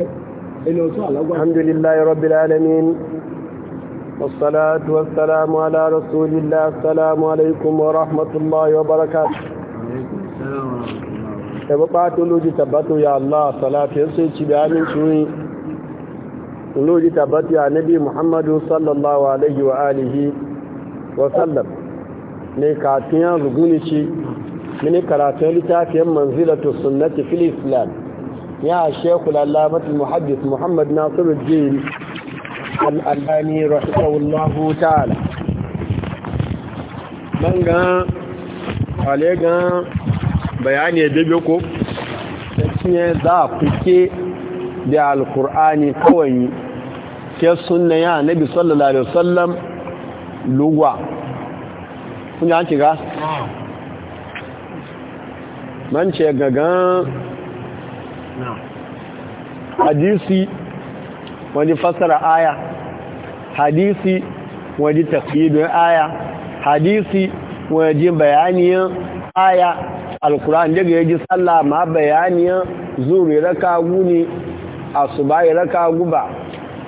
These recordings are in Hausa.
الحمد لله رب العالمين والصلاة والسلام على رسول الله السلام عليكم ورحمة الله وبركاته ebe ɓata loji tabbatu ya Allah salafiyar sai ci da aminci loji tabbatu ya nabi muhammadu sallallahu alaihi wa alihi wa sallam ne katiyan ruguni ci mini karatun littafin manzilatul sunnati fil islam يا شيخ العلامة المحدث محمد ناصر الدين الألباني رحمه الله تعالى من قال عليك bayani dabe ko shine za ku ke da alkur'ani kawai ke sunna ya annabi sallallahu alaihi wasallam lugwa kun ji ga man ce hadisi wani fasara aya hadisi wani tafiye aya hadisi wani bayaniyan aya alkur'an daga yaji tsalla ma bayaniyan zuri raka guni bayi raka guba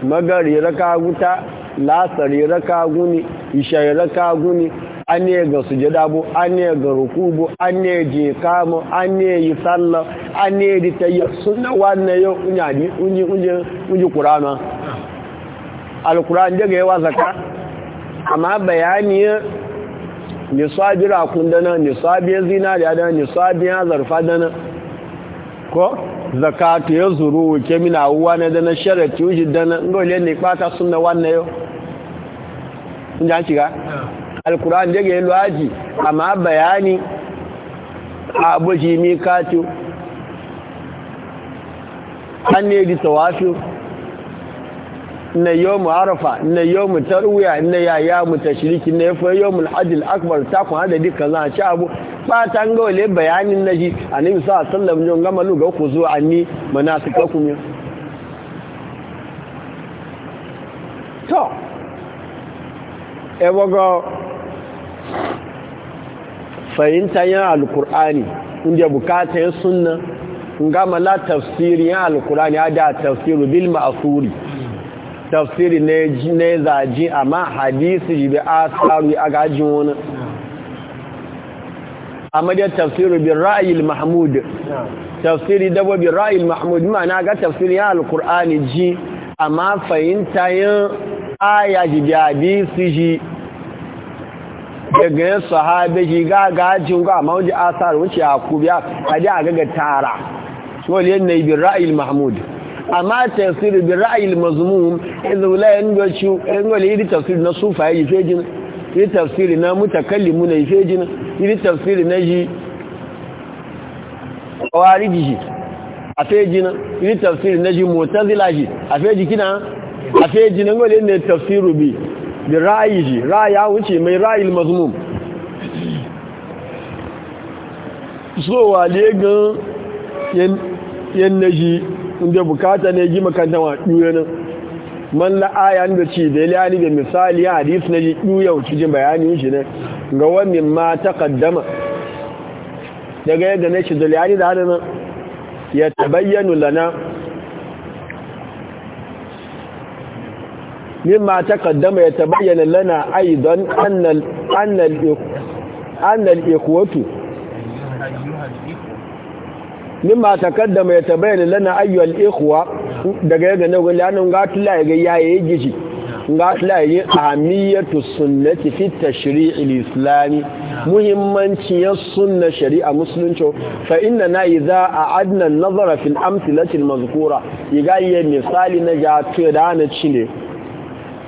magari raka guta lasari raka guni ishayi raka guni an ne ga sujada bu an ne ga ruku bu an ne je kama an ne yi salla an ne di tayya sunna wannan yau kunya di kunji kunji kunji qur'ana alquran daga yawa zaka amma bayani ne sabira dana ne sabiya zinariya dana ne sabiya zarfa dana ko zaka zakatu ya zuru ke mina uwa na dana sharati wujidana ngole ne kwata suna wannan yau kun ji an alkur'an daga yin luwaji amma bayani a abu shi mikatu an ne di tawafi na yau mu harafa na yau mu tarwiya na yaya mu shiriki na ya fayi yau mu al'adil akbar ta kun hada dukkan za a ci abu ba ta ga wale bayanin na ji a nemi sa sallam yau gama lu ga ku zuwa an ni mana su ka kuma to ebogo fahimta yin alkur'ani inda bukata yin sunna gama la tafsiri yin alkur'ani ya da tafsiru bil ma'asuri tafsiri yi zaji amma hadisi jibi asaru a gajin wani amma da tafsiri bin ra'ayil mahmud tafsiri dabo bin ra'ayil mahmud ma'ana ga tafsiri yin alkur'ani ji amma fahimta yin aya jibi hadisi jibi daga yin sahabe shi ga gajin ga amma asar wuce a kubiya a ji a gaga tara wani yanayi bin ra'ayil mahmud amma tafsir bin ra'ayil mazmum inda wula yan gaci yan gwale yi tafsir na sufa ya yi fejin yi tafsir na mutakalli na yi fejin yi tafsir na ji kawari ji a fejin yi tafsir na ji mutazila ji a fejin kina a fejin gwale ne tafsir rubi Da ra'ayi ra'aya wuce mai ra'ayil mazmum so wale gan yan naji inda bukata ne ji makanta wa nan man la'aya da ce da ilani da misali hadis na ji ɗuya wuce jin bayani shi ne ga wani ma ta kaddama daga yadda na shi da ilani da hannun ya tabayyanu lana mimma taqaddama yatabayyana lana aidan anna anna anna al-ikhwatu mimma taqaddama yatabayyana lana ayyuha al-ikhwa daga yaga ne gwani anan ga tula yaga yaye gishi ga tula yayi ahamiyatu sunnati fi tashri' al-islami muhimmanci ya sunna shari'a musulunci fa inna na idza a'adna an-nazara fil amthilati al-mazkura yaga yayi misali na ja to da na cine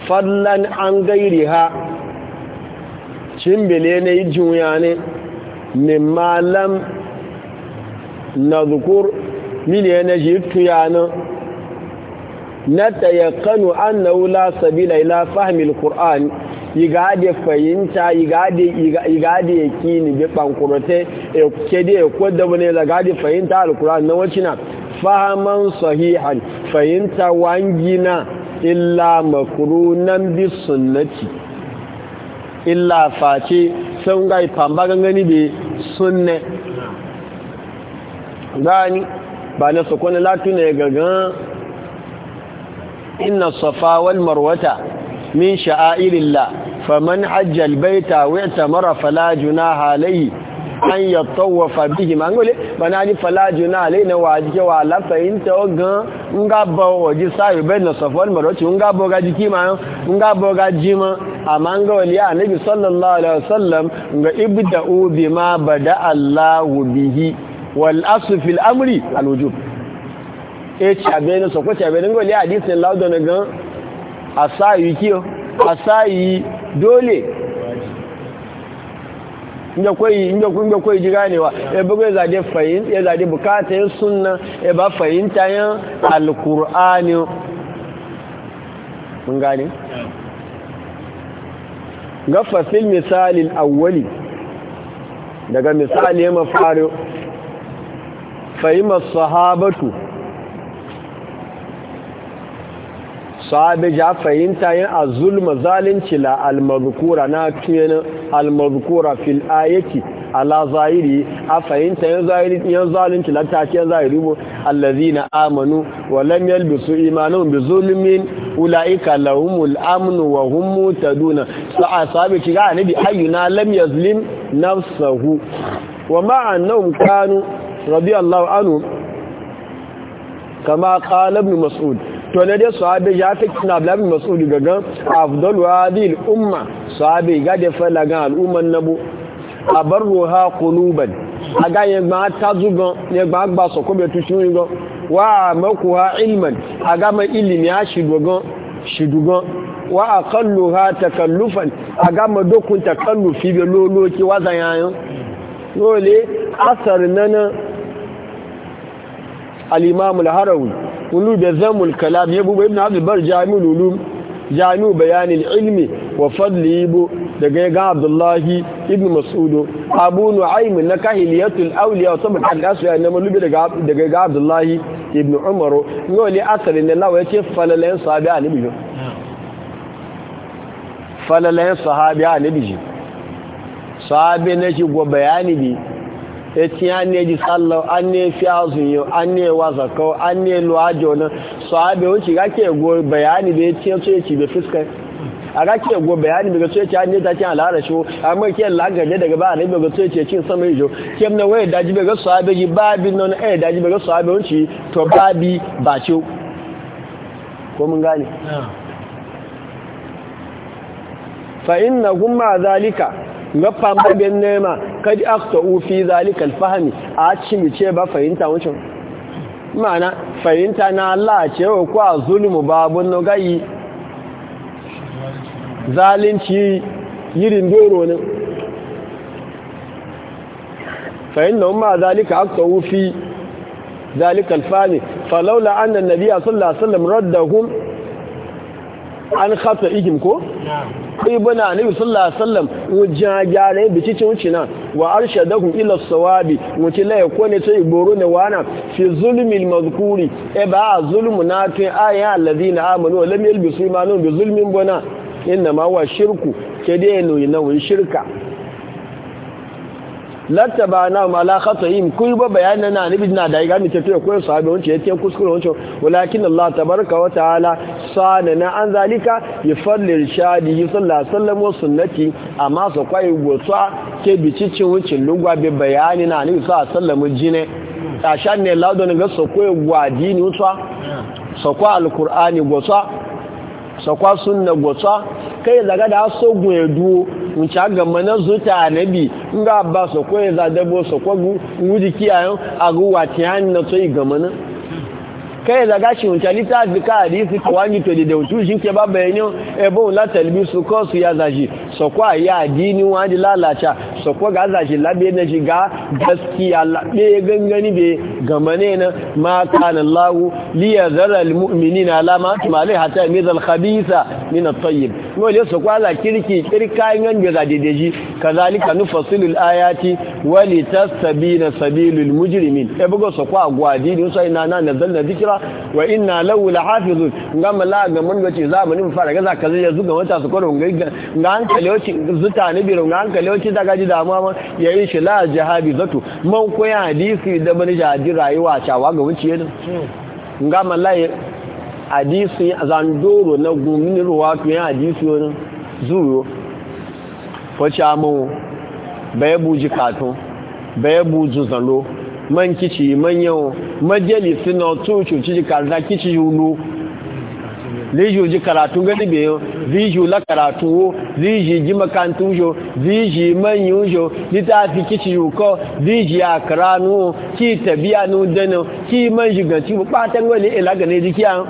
fallan an gairi ha cimbele na yi juya ne mimma lam na zukur miliyan na ji tuya na na tayakkanu an na wula sabila ila fahimil ƙur'ani igade fahimta igade igade yakini be bankurote e kede e da bane igade fahimta alquran na wacina fahimman sahihan fahimta wangina illa makrunan bi sunnati illa face sun gai famba gangani be sunne gani ba na su kone latuna gagan inna safa wal marwata min sha'airillah faman hajja albayta wa tamara fala junaha alayhi an yatawafa bihim angole bana ni fala junaha alayhi na waje wa la fa'inta gan nga bɔ waje sayo bai na safon maroci nga bɔ gaji kima nga bɔ gaji ma amma nga wali a nabi sallallahu alaihi wasallam nga ibda'u bima bada Allahu bihi wal asl fil amri al wujub e chabe na sokko chabe nga wali hadisin lawdo na gan asayi kiyo asayi dole inda koyi inda kun ga koyi ganewa e ya bugo fayin bukata yin suna ya e ba fahimta yin alkur'ani mun gane gafa fil misali awwali daga misali ya mafari fahimar sahabatu sahabi ja fahimta yin zulma zalunci la almazkura na kiyanin almazkura fil ayati ala zahiri a fahimta yin zahiri yin zalunci la ta ce zahiri allazi na amanu wa lam yalbisu imanuhum bi zulmin ulaika lahumul amnu wa hum mutaduna sa sahabe kiga annabi ayyuna lam yazlim nafsahu wa ma'annahum kanu radiyallahu anhu kama qala ibn mas'ud to na dai sahabe ya ta kina blabin mas'ud gaga afdal hadil umma sahabe ga da fala ga al'umman nabu abarruha quluban aga yen gba ta zugan yen gba gba so ko be tu shun gan wa makuha ilman aga ma ilimi a shidogan shidugan wa aqalluha takallufan aga ma dokun takallufi be loloki wa zayan dole asar nana al-imam al-harawi ulu da zamul kalam ya bubu ibn abdul bar jami'ul ulum jami'u bayanin ilmi wa fadli bu daga ya ga abdullahi ibn mas'udu abu nu'aym na kahiliyatul awliya wa sabr al asya na malubi daga daga ga abdullahi ibn umaru ngo asali ne lawa yace falalen sahabi annabi falalen sahabi annabi sahabi ne shi go bayani bi eti a eji sallah a na-efi azụnyo a na-ewa zakọ a na-elu ajọ na so abe uche gake egwo bayani da eti ya tsoye ci da fiska a gake egwo bayani daga tsoye ci a ne takin al'ada shi a mai ke lagaje daga ba a ne daga tsoye ci sama ijo kem na waya daji bai ga su abe ji babi non eh daji bai ga su abe unci to babi ba ciwo ko mun gane fa inna gumma zalika fama ben nema kaji akta ufi zalikal fahami a cimi ce ba fahimta wucin mana fahimta na Allah ce wa kuwa zulmu babun nogayi zalunci yirin doro ne fahimta umar zalika akta ufi zalikal fahami falaula annan nabiya sallallahu alaihi wasallam raddahum an khata ihim ko ibana annabi sallallahu alaihi wasallam wuja jare bici cin wucina wa ku, ila sawabi wuci la yakone sai boro ne wana fi zulmi mazkuri e ba zulmu na tin aya alladhina amanu wa lam yalbisu imanuhum bi zulmin bana inna ma wa shirku kede no yana wa shirka lattaba na mala khata'im kun ba bayanan na nabi na da ga mi tafiya ko sahabi wancan yake kuskure wancan walakin Allah tabaraka wa ta'ala afsana na an zalika ya fallir shadi yi sallasallam wa sunnati a masu kwaye gotsa ke bicicin wucin lugwa bi bayani na nufi sa sallamin jine a shan ne laudon ga su gwadi ni wuta su alkur'ani gotsa su kwa sunna gotsa kai zaga da so gwe duwo wuce gama na zuta nabi in ga ba su zadebo zadabo su kwagu wuji kiyayen a ruwa tiyan na tsoyi gama na kai da gashi mun talita bi ka hadisi ko wani to da wutu shin ke ba bayani e bon la talbisu ko su ya zaji so ko ayi addini wa di lalaca so ko ga za labe na shi gaskiya labe gangani be game ne na ma kana Allah li yazara al mu'minina ala ma alai hatta yamiza al khabitha min at tayyib no le so ala kirki kirka ngan be za kazalika nufassilu al ayati wa litastabina sabilul mujrimin e bugo so a agwa addini so ina na nazalna dhikra wa inna lahu lahafizun ngam la ga mun ga ce zamanin fara ga za zai zuga wata su ko ga ga hankali hankali wace zuta ne biro ga hankali wace da gaji damuwa ma ya yi shi la jihabi zato man koyan hadisi da bani jadi rayuwa cawa ga wuce yana hmm. nga malaye hadisi zandoro na gumini ruwa to yan hadisi wani zuyo wace amawo bai buji katon bai buji zalo man kici man yawo majalisin na tucu ciji karza kici yulo zai ji karatu gani bai yau zai ji la karatu wo zai ji ji makantu jo zai ji manyu jo littafi kici yuko zai ji a karanu ki tabiya nu dano ki man ji ganci bu patan wani ila gane jiki an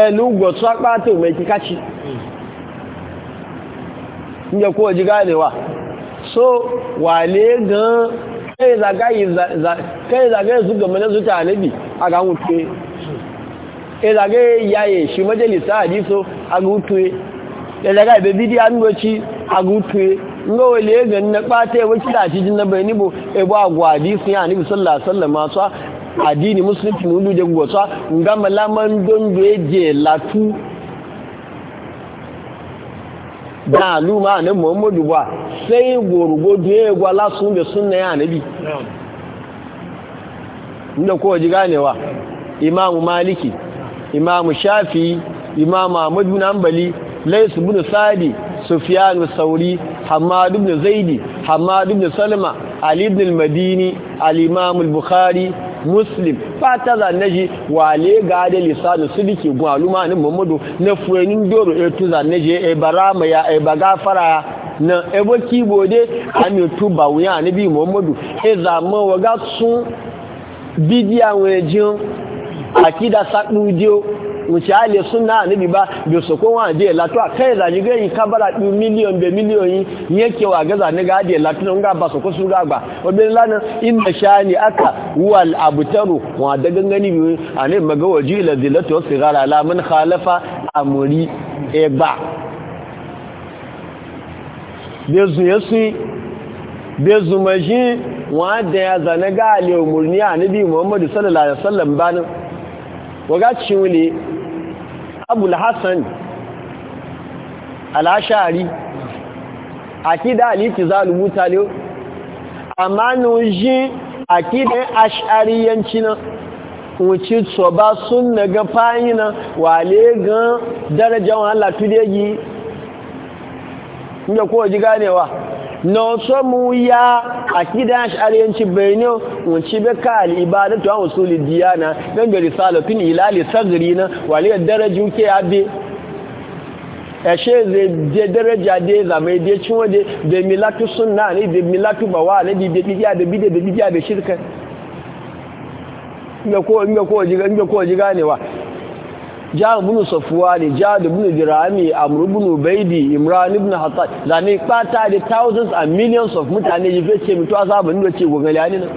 ẹnu gbọ̀tọ́ apáta òmè kíkáci ní ẹkọ́ ọjí gáà níwà so wà lè gan kẹ́ ìzàgáyì zùgbọ̀mọ́lẹ́sùtà níbi àgáhùn pé ezage yaye shi majalisa adiso agutwe ezage be bidi angochi agutwe ngo wale ga na bata ya wuce dace jin na bayani bo e ba agwadi sun ya nabi sallallahu alaihi wasallam so adini musulmi mu duje go so nga malaman don be je latu da luma ne muhammadu ba sai gorgodo ya gwa lasun be sunna ya nabi inda ko ji ganewa imamu maliki imamu shafi imamu ahmadu nambali laisu bin sadi sufiyanu sauri hamadu bin zaidi hamadu bin salma ali ibn madini al-imamu bukhari muslim fata zanaji wale ga da lisanu sidiki gwaluma ni muhammadu na fuenin doro etu zanaji e barama ya e bagafara na ebo kibode ani tu wuya ni bi muhammadu e zama ga sun bidiyan wejin akida sadudio mchale sunna ni biba bi sokon wa je lato akai da ni geyin kabara du million be million yin yake wa gaza ni ga je lato nga ba sokon su ga gba obin lana inna shani aka wal abtaru wa da gangani bi ane maga waji la dilatu sigara la man khalafa amuri egba bezun yesin bezun majin wa da ya zanaga ali umurni anabi muhammad sallallahu alaihi wasallam banin wagaci wule abul hassan al'ashari akida aliki za a rubuta ne amma nuji akidan ashariyanci na wuce tsoba sun na ga na. wale gan darajan halatta da yi inda kowaji ganewa na wasu mu ya a kidan shari'anci bayanin wunci bai ka al'ibada tuwa wasuli diyana don ga risalatin ilali sagiri na waliyar darajin ke abe ẹ̀ṣẹ́ da dẹ́rẹ́jà dé ìzàmẹ́ da da ní da bàwà lẹ́bí ìdí bíbí àdébí dé bèbí jihar bunu safuwa ne jihar bunu dirami amur bunu baidi imran ibn hassan da ne kpata da thousands and millions of mutane ya fece mutu a sabon nuna ce gogali ne nan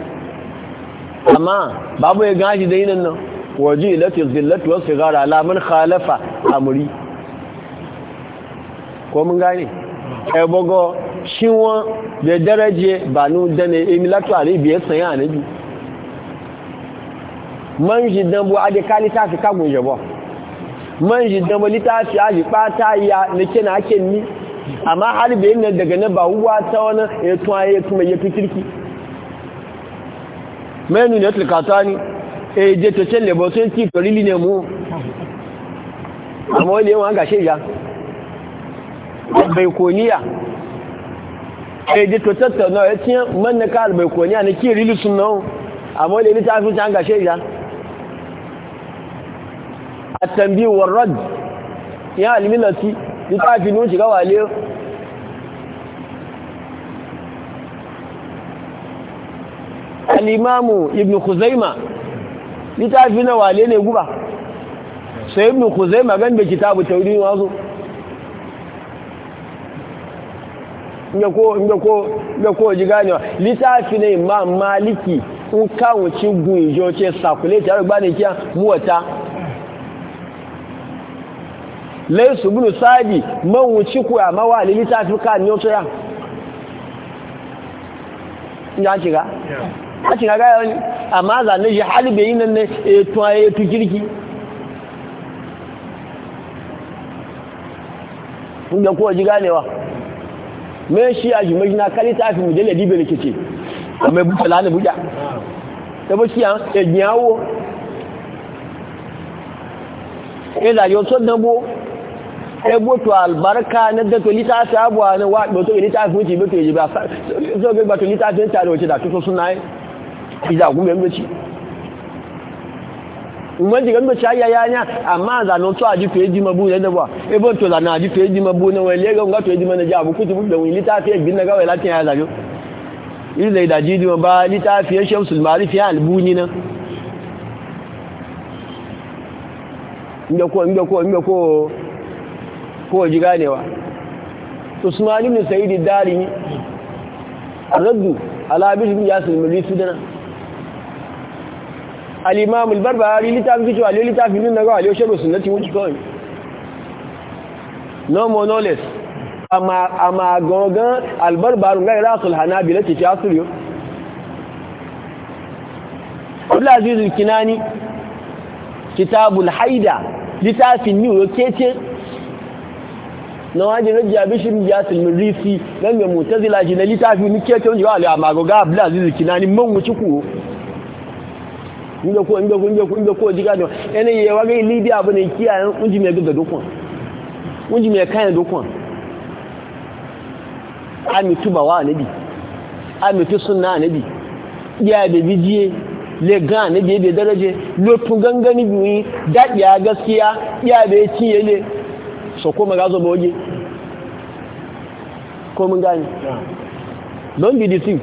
amma babu ya gashi da yinan nan waje ilati zillatu wasu gara alamun khalafa amuri ko mun gane ebogo shiwon da daraje banu dane emilatu arabia sanya anabi man jidan bu adekali ta fi kagun jabo man shi da littafi a shi ɓata ya na ke na ake ni amma halibe yana daga na ba wuwa ta wani ya tuwa ya kuma ya fi kirki mẹ́nu ni ó ti kàtọ́ ní èdè tó ṣẹlẹ̀ bọ̀ tó ń tí ìtọ̀rí lè mú àmọ́ ilé wọn gà ṣe ìyá albaikoniya èdè tó tẹ́tọ̀ náà ẹ tí mẹ́nìká albaikoniya ní kí ìrílùsùn náà àmọ́ ilé ní tàbí tó ń gà ṣe ìyá التنبيه والرد يا الملتي لتعفي نوشي قواليه al'imamu ibn Khuzaima littafi na wale ne guba sai ibn Khuzaima gan da kitabu tauri wazo inda ko inda ko inda ko ji ganewa littafi ne ma maliki in kawo ci gun ijo ce sakuleti har gbani kiya lẹ́yìn bínú sáàdì mọ́wùn chíkù àmáwà lílí tí a ní ó tó yá ya shiga e a shiga gaya wani amma zane shi halibe yi nan ne etu a etu kirki na kari ta fi mujallar dibe da kice a mai bufa lana buja ta bu e ẹgbó tó àlùbáríkà nẹ́dẹ́tò lítàfí àbò àwọn wàgbò tó na ń ti ìbẹ́tò ìjìbà na tó lítàfí ń tàrí òṣèdà tuntun súnná ìjàgún mẹ́mẹ́tì wọ́n ti gbogbo ṣáyà yá ní àmá àzànà tó àjífò èjì mọ́bú bụ ebó tó lànà aji èjì mabu náà wọ́n lẹ́gbẹ̀ẹ́ ńgá tó èjì mọ́nà jẹ́ àbúkú ti fúnbẹ̀ wọn lítàfí ẹgbìn náà ko ji ganewa usman ibn sa'id darimi raddu ala bin ibn yasir milisi dana al-imam al-barbahari litafi kijo ali litafi nínú nago ali o shebo sunnati won ko no more no less ama ama gogan al-barbaru ngai rasul hanabila ti asriyo Abdulaziz al-Kinani kitabul haida litafin ni o kete na waje na jabi shi ya tilmi risi nan mai mutazila shi na littafi ni ke ta yawa a magoga abdul aziz kinani man wuci ku inda ko inda ko inda ko inda ko diga don ene ye waga libya abu ne kiyaye unji me gaga dokon unji me kan dokon ami tuba wa nabi ami tu sunna nabi ya da bijiye le gan ne da daraje lotun gangani biyu daɗiya gaskiya ya da ya ciye ne so ko maga zo boge ko mun gani don be deceived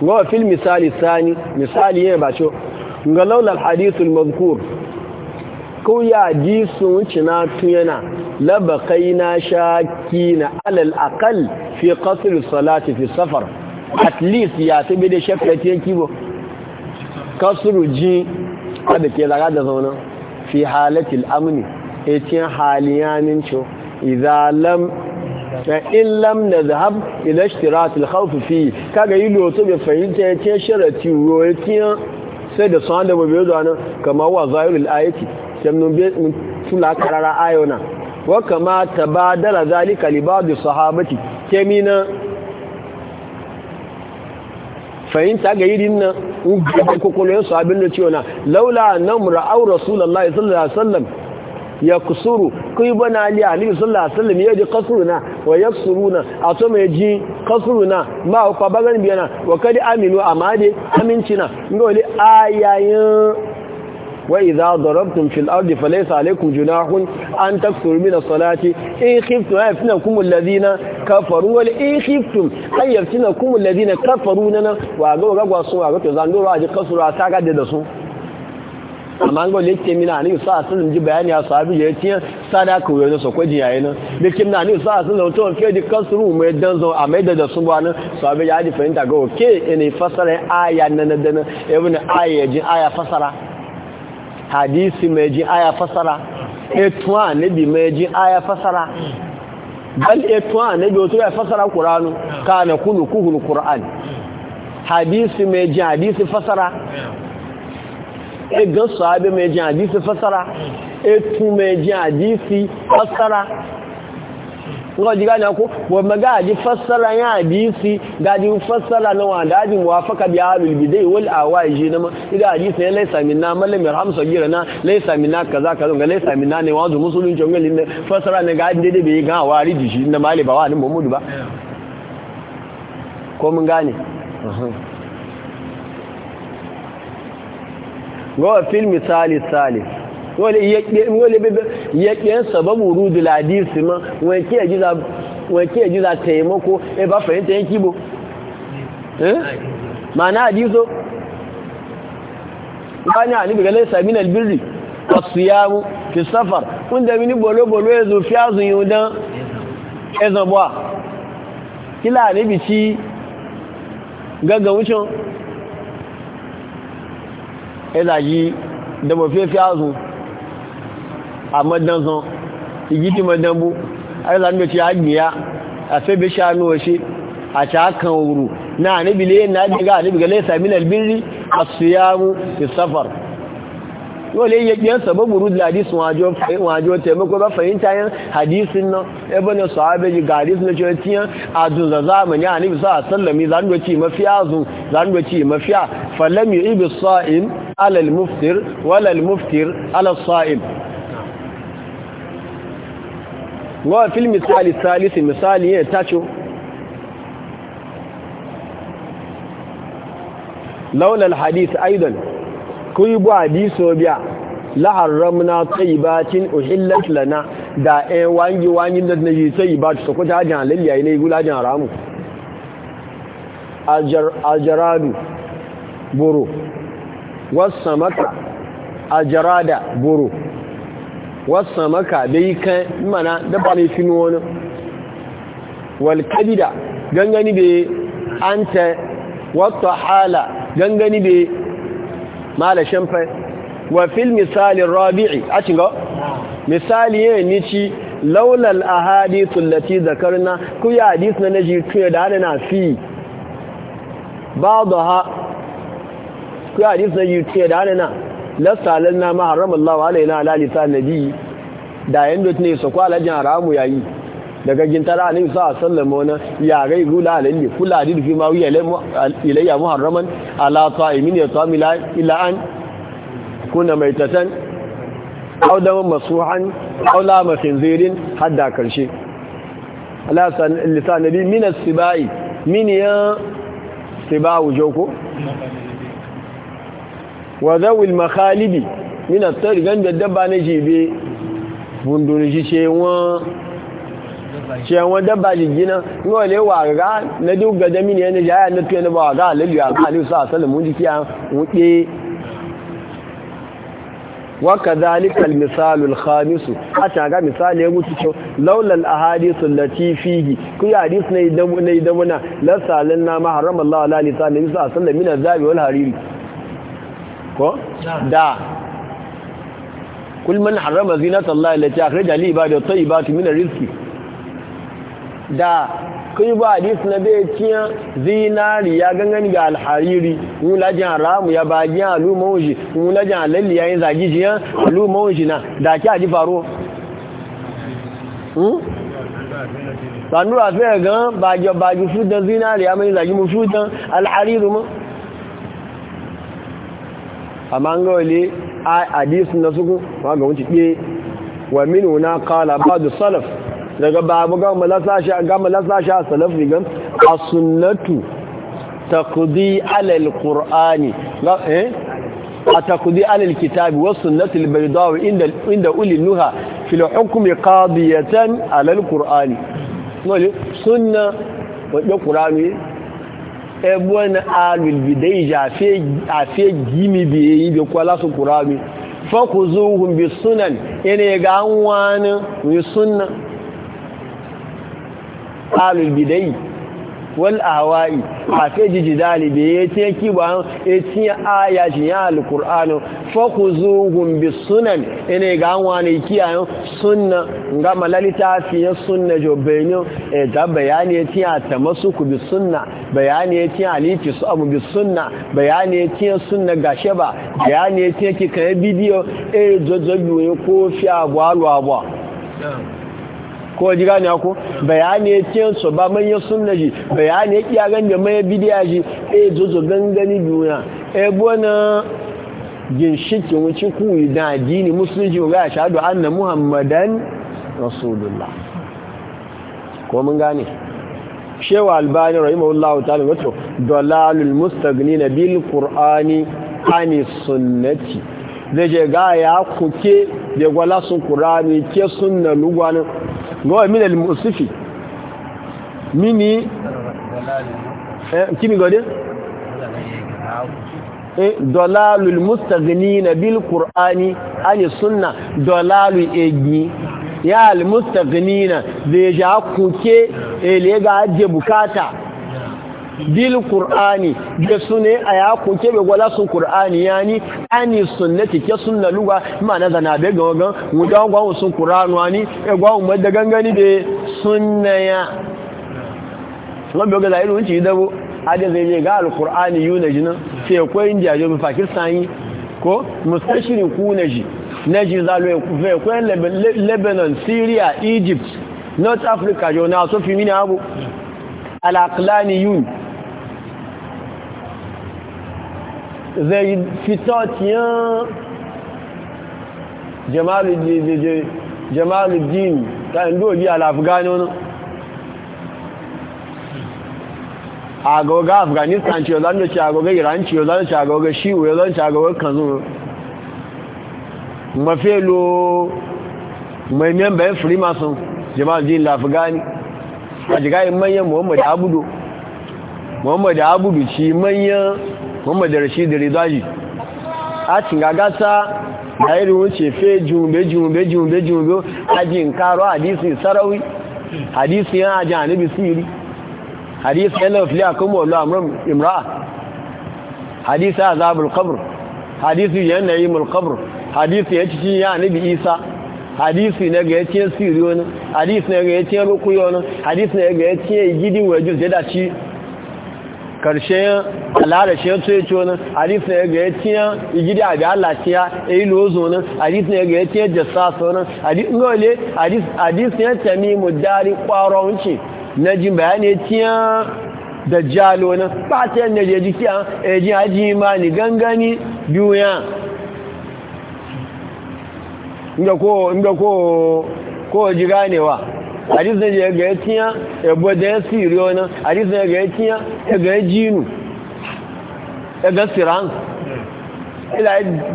wa fil misali sani misali ne ba ce ga laulal hadithul mazkur ko ya ji sun cina tuyana labaqaina shakina alal aqal fi qasr salati fi safar at least ya ta bi da shafi ta yanki bo kasuru ji wadda ke laga da zauna. fi halatil amni e cin haliyanin co idalam in lam na zahab ila shtiratul khawf fi kaga yi loto bai fahimta ya ce sharati ruwa ya sai da sanda da bai zuwa nan kama wa zahirul ayati sannan bai tula karara ayona wa kama tabadara zalika libadu sahabati kemina fahimta ga yirin nan ugbin kokoloyin su abin da ciwo na laula nan ra'au rasulallah sallallahu alaihi wasallam ya kusuru kai bana ali ali sallallahu alaihi wasallam ya ji kasuruna wa yaksuruna a to mai ji kasuruna ma ku bagan biyana wa kadi aminu amade amincina ngoli ayayin وإذا ضربتم في الأرض فليس عليكم جناح أن تكثروا من الصلاة إن خفتم أن يفتنكم الذين كفروا وإن خفتم أن يفتنكم الذين كفروا لنا وأقول لك وأصوم وأقول لك وأقول لك قصروا أتاك دسوا amma an gwale ke mina ne sa sun ji bayani a sahabi ya tiya sada ku yau da sokwaji yayin nan da kim na ne sa sun da to ke di kasru mai dan zo a mai da da sun bana sahabi ya ji fahimta ga oke ne fasara aya nan da nan ibn aya ji aya fasara hadisi mai jin aya fasara etuwa annabi mai jin aya fasara bal etuwa annabi wato ya fasara qur'anu kunu kulukuhul qur'an hadisi mai jin hadisi fasara e gan mai jin hadisi fasara etu mai jin hadisi fasara ngo ji gane ko wa magaji fassara ya hadisi gaji fassara na wanda aji muwafaka bi alul bidai wal awaji na ma ga hadisi ne laisa minna malam yarham sagira na laisa minna kaza kaza ga laisa minna ne wazu musulunci ngalin ne fassara ne gaji dai bai ga wari ji shi na mali ba wa nan Muhammadu ba ko mun gane go fil misali salis wale yaƙiyan sababu rudu ladisi ma wanke ji za taimako e ba fahimta yin kibo mana hadiso wani alibi ga laisa min albirri a siyamu fi safar kunda mini bolo-bolo ya zofi azun yi wudan ezabuwa kila alibi ci gaggan wucin ezaji da mafi fi azun a madan zan igiti madan bu a yi zanen ce agbiya a sai bai shanu washe a ta kan wuru na anibi ne na daga anibi ga laisa min albirri a siyamu da safar yau ne yakin sababu rudu hadisi wajo taimako ba fahimta yin hadisin nan ebe na sahabe ga hadisin na cewa tiyan a dunza zamani a anibi sa sallami Zan zanen ce mafiya zun zanen ce mafiya falam yi ibi sa'im alal muftir walal muftir alal sa'im wa fil misali salisi misali ya tacho laula al hadith aidan kuyi bu hadiso biya la haramna tayyibatin uhillat lana da eh wangi wangi da nayi tayyibat so ko ta jan lalliya ne gula jan ramu ajar ajaradu buru wasamaka ajarada buru wasu maka bai kan mana ba mai fi wani walƙabida gangani bai an ta wata hala gangani bai mala shamfai wa fil misali rabi'i a cinga misali yin nici laulal a hadithun lati zakarna ku yi hadith na naji tuye da na fi ba da ha ku yi hadith na jirtu tuye da na lasalin na ma haramallahu alaina ala lisan nabi da yanda tune su kwala jin haramu yayi daga gintara sa sallama wani ya gai gula lalle, kula hadith fi ma wiya ilayya muharraman ala ta'imin ya tamila ila an kuna maitatan aw da masuhan aw la masinzirin hadda karshe ala lisan nabi min as-sibai min ya sibau joko wa zawil makhalibi min at-tari da dabba ne be bundun ji ce won ce won dabba gina ngo le wa ga na duk ga da min yana jaya na tuna na ba ga lalu ya kali sa sallamu ji kiya wuke wa kadhalika al-misal al-khamis ata ga misali ya gutu cho laula al-ahadith allati fihi ku ya hadith ne da ne da muna la salanna ma harama Allah ala lisan nabi sallallahu alaihi wasallam min al-zabi wal hariri ko da kul man harrama zinata Allah allati akhraja li tayyibati min rizqi da kai ba hadis na bai ciyan zinari ya gangan ga alhariri mulajin haramu ya bagi alumawuji mulajin halalli ya yin zagi jiyan alumawuji na da ki aji faro sanura hmm? fẹ́ gan bagi zinari ya mai zagi mu mu amma ga wale a hadisun na suku ma ga wuce ɗe wa minu na kala ba da salaf daga babu ga malasa a salaf gan eh? a sunnatu kudi alal qur'ani a kudi alal kitabi wa sunnatul baydawi inda inda ulil nuha fil hukmi qadiyatan alal qur'ani sunna wa ƙur'ani. ebon alul bidayja afi afe gimi be yi be kwala su qur'ani fa kuzuhum bi sunan ene ga an wani sunna alul bidayja wal ahwa'i a feji jidali da ya ce ba ya ci aya shi ya alkur'ani fakuzuhun bi sunan ina ga an wani kiyayen sunna ga malalita fiye sunna jo benin e eh, da bayani ya ci a tamasu ku bi sunna bayani ya ci aliki su abu bi sunna bayani ya ci sunna ga sheba bayani ya ci ki kai bidiyo e eh, jojo biyu ko fi abuwa abuwa ko ji gane ko bayani ya ce su ba manya sunna ji bayani ya kiya gani da manya bidiya ji e zozo gangani duniya e eh, bona ginshikin wuce ku da dini, musulunci ga shahadu anna muhammadan rasulullah ko mun gane shewa albani rahimahullahu ta'ala wato dalalul mustaghnina bil qur'ani ani sunnati zai je ga ya kuke da gwala sun qur'ani ke sunna lugwanin mọ̀sífì mí ní kí mini kimi gode eh, eh dalalul mustaghnin bil qur'ani ani sunna dalalul egi ya al-mustaghnin da ya kuke ele ga aje bukata bil qur'ani da sune aya ku ke be wala sun qur'ani yani ani sunnati ke sunna luga mana zana be ga mu da gwa sun qur'ani wani e gwa mu da gangani be sunna ya be ga da irin ci dabo adin zai ne ga alqur'ani yuna jinan sai ko indiya jo pakistan yi ko mustashiri ku ji? naji naji zalo ko lebanon syria egypt north africa jo na so fi mini abu alaqlaniyun zai fito tiyan jamaluddin ta inda obi al'afghani wani agoga afghanistan ce zan da ce agoga iran ce zan ce agoga shiwu ya zan ce agoga kanzu mafelo mai memba ya freemason jamaluddin al'afghani a jigayen manyan muhammadu abudu muhammadu abudu ci manyan muhammad rashid ridaji a cinga gasa da irin wuce fe jumbe jumbe jumbe jumbe ajin karo hadisi sarawi hadisi yan ajin anibi siri hadisi yan lafi a kuma hadisi kabur hadisi na hadisi isa hadisi na ga yace siri wani hadisi na ga yace rukuyo wani hadisi na ga yace gidin wajen da ci karshen alarashin tsoyeco nan hadis na yaga ya tiya igidi abi Allah tiya eyi lozo nan hadis na yaga ya tiya jassasa nan hadis ngole hadis hadis ya tamimu dari kwaron ci na jin bayani tiya jalo nan ba ta da je jiki an eji haji ni gangani biyu inda ko inda ko ko ji ganewa hadisi ne ya gaya tiya ya gwada ya siri wani hadisi ne ya gaya tiya ya gaya jinu ya ga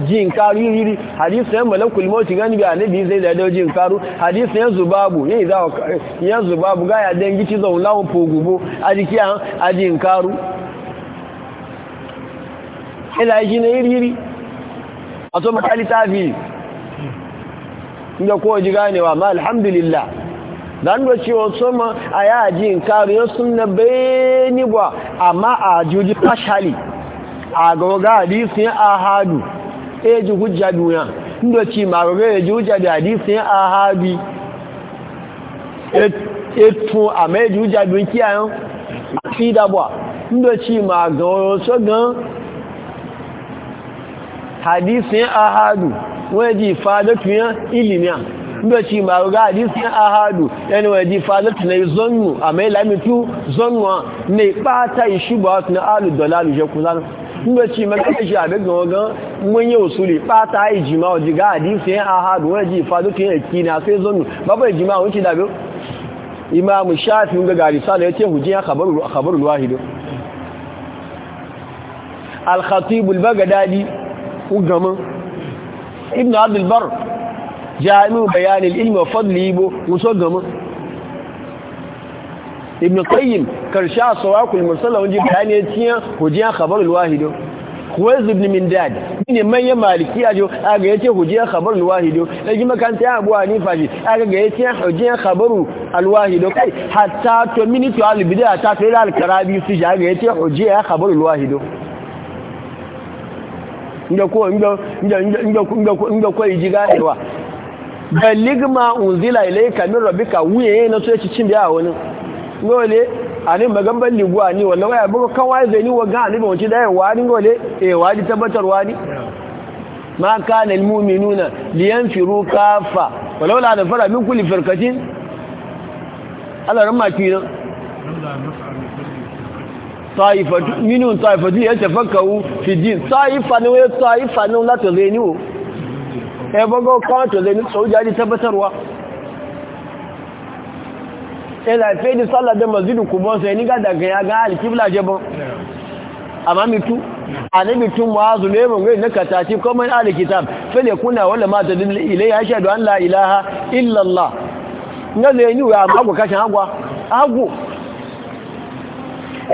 jin karu yiri hadisi ya malakul mawuci gani ga anabi zai da dawo jin karu hadisi zubabu zubabu dangi a jiki jin karu na a ganewa ma alhamdulillah dan do ciwo soma aya ji kariyo sunna beni ba amma a juji fashali a goga hadisin ahadu eji hujja duniya ndo ci ma goga eji hujja da hadisin ahadi etu amma eji hujja dun kiyayen akida ba ndo ci ma goga so gan hadisin ahadu wọ́n di ìfàdọ́tù yán ìlìmíà ndoci ma ga hadisi na ahadu yani waji falatu ne zonnu mai lamitu zonwa ne bata shi ba na alu dalal je kuzan ndoci ma ga shi abe ga ga mun yi usuli bata ijma ji ga hadisi na ahadu waji falatu ne na sai zonnu babu ijma ci da biyu imam shafi ga ga risala yace hujja khabaru khabaru wahid al-khatib al-baghdadi ugama ibn abd al-barr jami'u bayanin ilmi wa fadli bo muso gama ibn qayyim karsha sawakul mursala wani bayani tiyan hujiyan khabarul wahido Khuwaiz ibn Mindad ne manyan maliki a aga yace hujjiyar khabar al-wahido sai makanta ya Abu Hanifa ji aga ga yace hujjiyar khabaru al-wahido kai hatta to minute al-bid'a ta fi al-karabi su ji aga yace hujjiyar khabar al-wahido inda ko inda inda inda inda ko inda ko inda ko ji gadewa balligh ma unzila ilayka min rabbika wuye na so yace cin da wani ngole ani magan ballighu ani wallahi waya bugo kan waya zai ni wa ga ani bace da yawa ni ngole eh wadi tabbatar wadi ma kana almu'minuna liyanfiru kafa walau la fara min kulli firqatin Allah ran maki nan taifatu minun taifatu yatafakkaru fi din taifa ne wai taifa ne la to zai ni ya kawo to zai nuka soja ji tabbatarwa ya lafe da tsalla da mazidu kuma sai ni ga ya ga alkibla je bon amma mitu na mitu wazu ne mun gani na katashi kuma alkitab fele kuna wala ma ile ya shaidu an la ilaha na zai yi ni wa ma ku kashin agwa agwa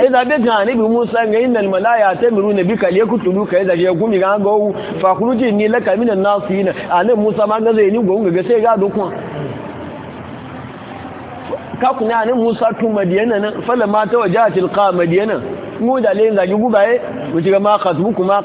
ya zaɓe ga musa ga yin nalmala ta miru na bika le kutulu ka ya gumi ga gawu fakuruji ni laka minan nasu yi na musa ma ga zai ni ga sai ga musa madiyana nan ta waje a tilka madiyana mu da zagi gubaye wuce ma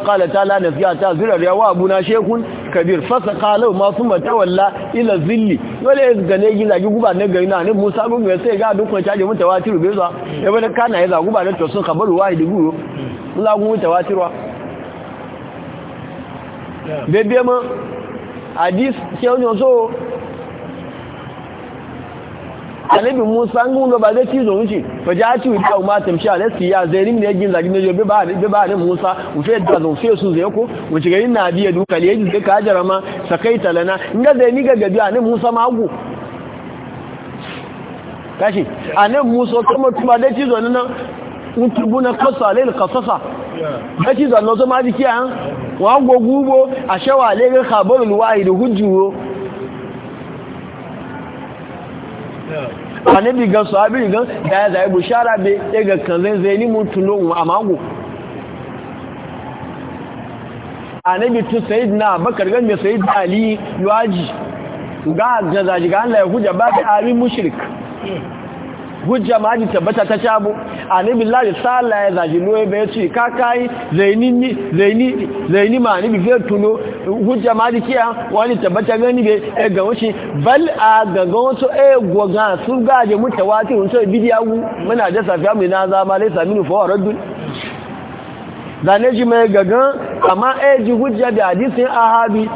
ta la ta shekun kabir fasa kalau masu matawalla ila zilli dole ya gane yi zagi guba na gari na ne musa gungu ya sai ga dukkan caje mun tawatiru bai zuwa ya bada kana ya zagu ba da to sun kabaru wahidi guro mun zagu mun tawatirwa bebe ma hadis ke onyo so annabi musa an gunga ba zai cizo wuce ba ja ci wuce a umar tamshi a lasi ya zai rimne yagin na jobe ba a nan musa wufe da zan fiye su zai na biya duka ne yagin ma sakai talana in ga zai niga gabi a nan musa magu kashi a nan musa kuma tuba da cizo na nan mutubu na kasa lai kasasa da cizo na zama jiki a a shawa lai ga kabarul bi gan sahabi gan da ya zai bushara be ga kan zai zai ni mutuno amago bi tu na bakar gan me sayid ali yuaji ga ga zaji ga Allah ya hujja ba da ari mushrik hujja ma ji tabbata ta cabo anibi la risala za jinu ebe ci kakai zaini zaini zaini ma anibi fe tuno hujja ma dikiya wani tabbata gani be e ga wuci bal a ga ga wato e goga sun gaje mutawati hun sai bidiyawu muna da safiya mai na zama laisa minu fa raddun zane ji mai gagan amma e ji hujja da hadisin ahabi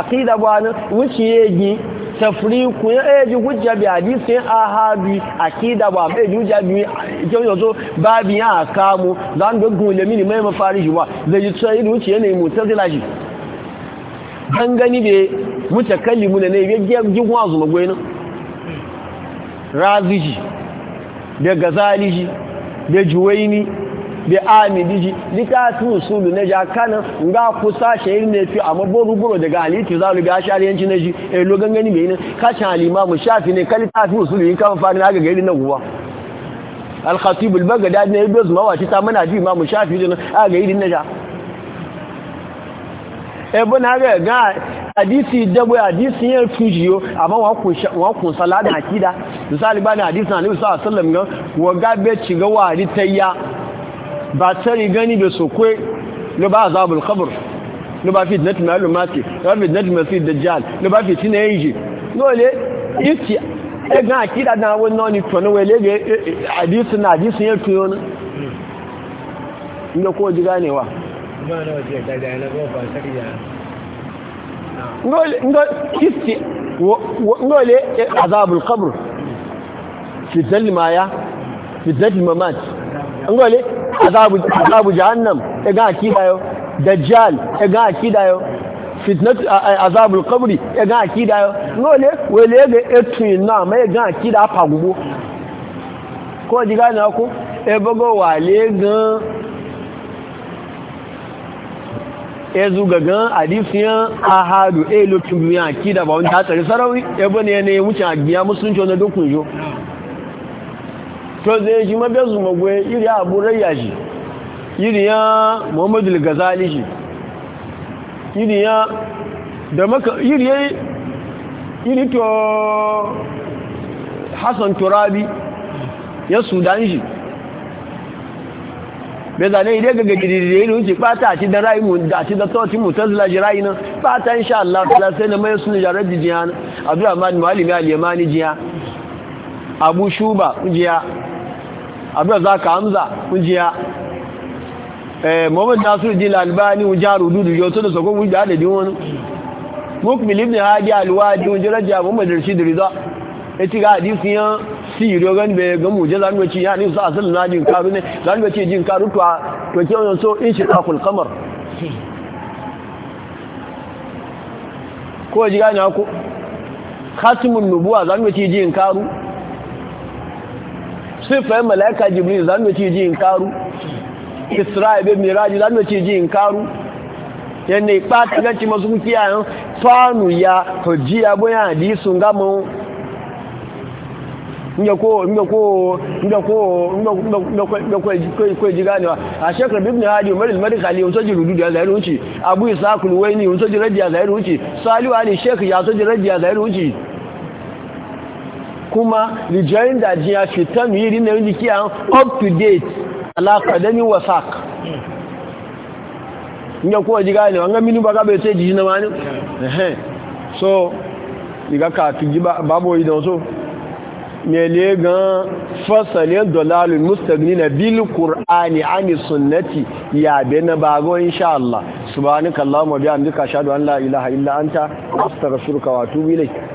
akida bwana wuci tafriku ya eh, ji hujja bi hadisi ahabi akida ba mai hujja bi kyau yanzu babi ya kamu zan ga gole mini mai mafari shi ba zai ji tsayi duci yana mutazila ji dan gani be mutakallimu ne ne ya gwa zuma goyin razi shi da gazali shi da juwaini bi amidiji litatu usulu na jakana nga kusa shayin ne fi amma boru boro daga Za zalu ga yanci na ji eh lo gangani mai nan kashin al-imam shafi ne ta fi usulu in Ka kan fani ga gari na guwa al-khatib al-baghdadi ne bezu mawaci ta mana ji imam shafi ne a ga irin na ja ebe na ga ga hadisi dabo hadisi yin tujiyo amma wa kun salada akida misali bani hadisi na nabi sallallahu alaihi wasallam ga wa gabe ciga wa ritayya ba tari gani da su kwe lo ba azabul qabr lo ba fitnat malumati lo ba fitnat masih dajjal lo ba fitina yiji lole yiti e ga akida na won no ni tono wele ge hadisi na hadisi ya tuyo na inda ko ji ganewa ba na waje da da na ba ba shari'a ngole ngole yiti ngole azabul qabr fi dalma ya fi dalma mati ngole azabu azabu jahannam e ga akida yo dajjal e ga akida yo fitnatu azabul qabri e ga akida yo ngole wele ga etun na ma e ga akida pagbo ko diga na ko e bogo wale gan e zu gagan adisiyan ahadu e lokun biyan akida ba wani ta tsari sarawi e bane ne wuce agbiya musulunci wani dokunjo yo to zai shi mabe su magwai iri abu rayya shi iri ya muhammadu gazali shi iri ya da maka iri ya iri to hassan turabi ya sudan shi bai zane idai ga gajirire ne wuce fata a cidan rayu mu da cidan sauti mu ta zula jirayi nan fata insha Allah ta sai na mai suna jarar jijiya na abdurrahman malimi al-yamani jiya abu shuba jiya abin za ka hamza kunjiya eh, muhammadu nasiru jil albani wujar hududu yau da sakon da adadin wani mukmil ibn hadi alwadi wujar rajiya muhammadu rashid rida ya e ci ga hadisi ya siro gani bai ga muje za mu ci ya ni sa asal na jin karu ne za mu ci jin karu to to ke wannan so in shi kaful qamar ko ji gani ko khatmun nubuwa za mu ci jin karu sifayen mala'ika jibril za mu ci ji in karu isra'i bin miraji za mu ci ji in karu yanda ipa taganci masu kiyayen fanu ya hujjiya boyan hadisun gama inda ko inda ko inda ko inda ko inda ko ko ji ganewa a shekar ibn hadi umar al-madkhali wato ji rudu da zairu wuce abu isaq al-waini wato ji radiya zairu wuce salihu ali shekh ya wato ji radiya zairu wuce kuma da daji ya fi ta miri na yi jiki an up to date alaƙadami wasak inda kowa ji gane wangan minu ba gaba ya sai jiji na mani so iga kafin ji babu yi da so mele gan fasalin dolalin mustagni na bil qur'ani ani sunnati ya be na bago insha Allah subhanakallahumma bihamdika ashhadu an la ilaha illa anta astaghfiruka wa atubu ilayk